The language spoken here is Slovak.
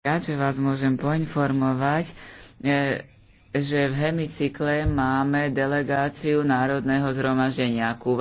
Ja že vás môžem poinformovať, e, že v hemicykle máme delegáciu Národného zhromaždenia Kuva.